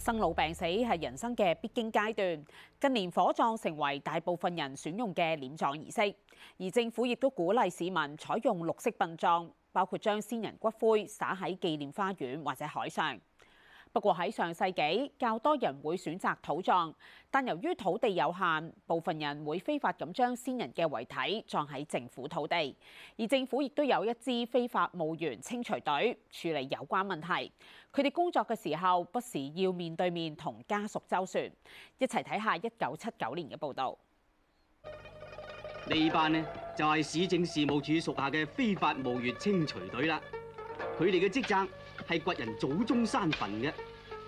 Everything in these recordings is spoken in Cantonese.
生老病死係人生嘅必經階段。近年火葬成為大部分人選用嘅殮葬儀式，而政府亦都鼓勵市民採用綠色殯葬，包括將先人骨灰灑喺紀念花園或者海上。不過喺上世紀，較多人會選擇土葬，但由於土地有限，部分人會非法咁將先人嘅遺體葬喺政府土地，而政府亦都有一支非法墓穴清除隊處理有關問題。佢哋工作嘅時候，不時要面對面同家屬周旋，一齊睇下一九七九年嘅報道。呢班呢，就係市政事務署屬下嘅非法墓穴清除隊啦，佢哋嘅職責。係掘人祖宗山墳嘅，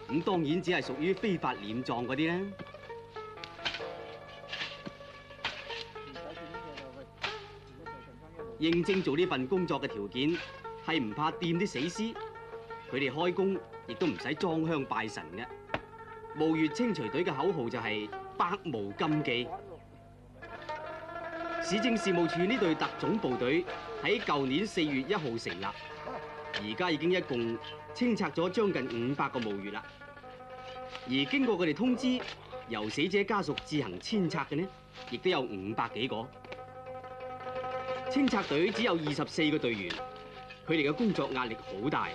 咁當然只係屬於非法殮葬嗰啲啦。應徵做呢份工作嘅條件係唔怕掂啲死屍，佢哋開工亦都唔使裝香拜神嘅。墓穴清除隊嘅口號就係百無禁忌。市政事務署呢隊特種部隊喺舊年四月一號成立。而家已經一共清拆咗將近五百個墓穴啦，而經過佢哋通知由死者家屬自行遷拆嘅呢，亦都有五百幾個。清拆隊只有二十四個隊員，佢哋嘅工作壓力好大。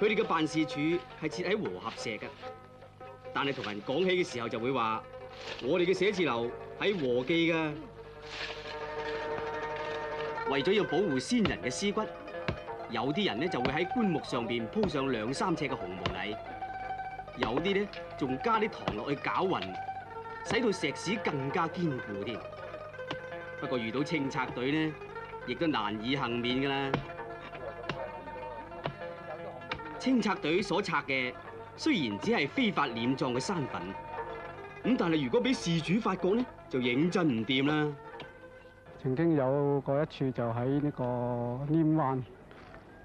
佢哋嘅辦事處係設喺和合石嘅，但係同人講起嘅時候就會話我哋嘅寫字樓喺和記噶。為咗要保護先人嘅屍骨。有啲人咧就會喺棺木上邊鋪上兩三尺嘅紅毛泥，有啲咧仲加啲糖落去攪勻，使到石屎更加堅固啲。不過遇到清拆隊呢，亦都難以幸免㗎喇。清拆隊所拆嘅雖然只係非法殮葬嘅山墳，咁但係如果俾事主發覺呢，就認真唔掂啦。曾經有過一次就喺呢個稔灣。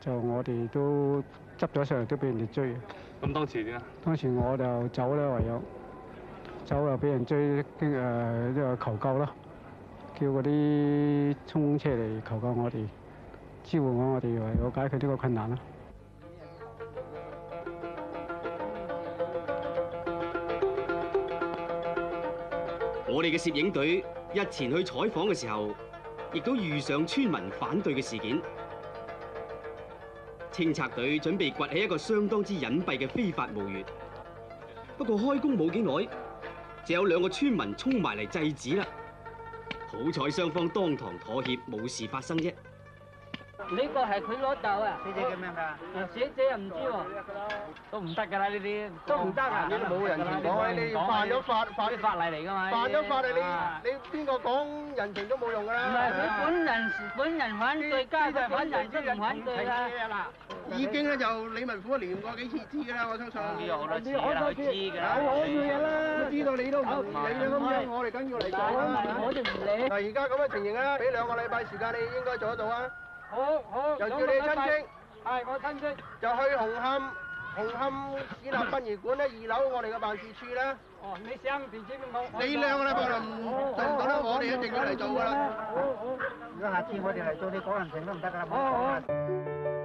就我哋都執咗上嚟，都俾人哋追。咁當時點啊？當時我就走啦，唯有走又俾人追，經誒即係求救啦，叫嗰啲衝鋒車嚟求救我哋，支援我我哋，為咗解決呢個困難啦。我哋嘅攝影隊日前去採訪嘅時候，亦都遇上村民反對嘅事件。清拆隊準備掘起一個相當之隱蔽嘅非法墓穴，不過開工冇幾耐，就有兩個村民衝埋嚟制止啦。好彩雙方當堂妥協，冇事發生啫。呢個係佢攞走啊！死者叫咩名啊？啊，死者又唔知喎，都唔得噶啦呢啲，都唔得啊！冇人情，講你講犯咗法，法例嚟㗎嘛，犯咗法例你，你邊個講人情都冇用㗎啦！唔係佢本人，本人揾對家，佢揾人，都唔揾對啊！已經咧就李文虎廉過幾千字啦，我相信。呢個好多字啦，好多字，好少嘢啦，知道你都唔理啦，我哋緊要嚟做啦，我哋唔理。嗱而家咁嘅情形啦，俾兩個禮拜時間，你應該做得到啊！好好，又叫你親戚，係我親戚，就去紅磡紅磡市立殯儀館咧，二樓我哋嘅辦事處啦。哦，你想點先都冇，你靚啦，郭林，對唔住啦，我哋一定要嚟做噶啦。好，如果下次我哋嚟做你講人情都唔得噶啦，好。